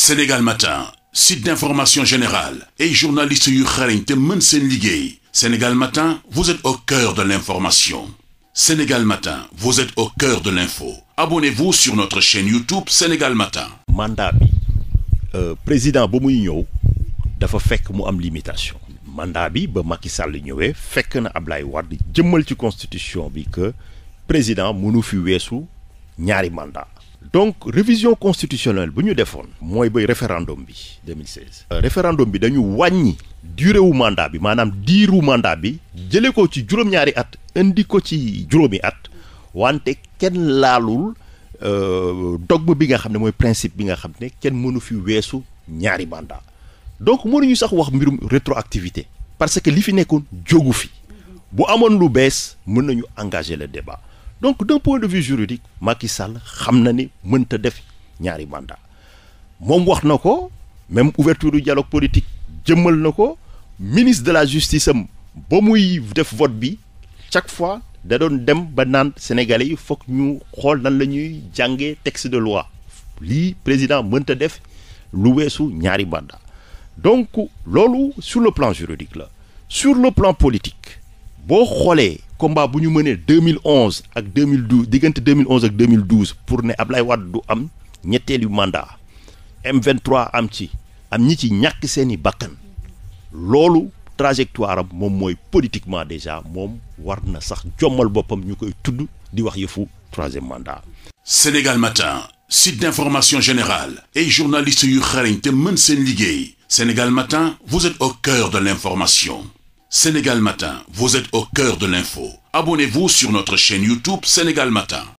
Sénégal Matin site d'information générale et journaliste yu xarañ te mën seen liggéey Sénégal Matin vous êtes au cœur de l'information Sénégal Matin vous êtes au cœur de l'info abonnez-vous sur notre chaîne YouTube Sénégal Matin mandat bi euh, président ba muy ñëw dafa fekk mu am limitation mandat bi ba Macky Sall ñëwee fekk na Ablaye Wade jëmmal ci constitution bi que président mënu fi weesu ñaari mandat donc révision constitutionnelle bu ñu defoon. mooy bay référendum bi 2016. Euh, référendum bi dañu wàññi durée wu mandat bi maanaam diiru mandat bi jëlee ko ci juróom-ñaari at indi ko ci juróomi at wante kenn laalul euh, dogme bi nga xam ne mooy principe bi nga xam ne kenn mënu fi weesu ñaari mandat donc mënuñu sax wax mbirum rétroactivité parce que li fi nekkoon jógu fi bu amoon lu bees mën nañu engager le débat. donc d'un point de vue juridique Macky Sall xam na ni mënta def ñaari mandat moom wax na ko même ouverture du dialogue politique jëmmal na ko ministre de la justice am ba muy def vote bi chaque fois da doon dem ba naan sénégalais yi foog ñu xool nan la ñuy jàngee texte de loi lii président mënta def lu weesu ñaari mandat donc loolu sur le plan juridique la sur le plan politique boo xoolee combat bu ñu mënee 2011 ak 2012 diggante 2011 ak 2012 pour ne Ablaye Wade du am ñetteelu mandat m am ci am ñi ci ñàkk seeni bakkan loolu trajectoire moom mooy politiquement déjà moom war na sax jommal boppam ñu koy tudd di wax yëfu troisième mandat. Sénégal Matin site d'information générale ay journalistes yu xarañ te mën seen liggéey Sénégal Matin vous êtes au cœur de l'information. Sénégal Matin, vous êtes au cœur de l'info. Abonnez-vous sur notre chaîne YouTube Sénégal Matin.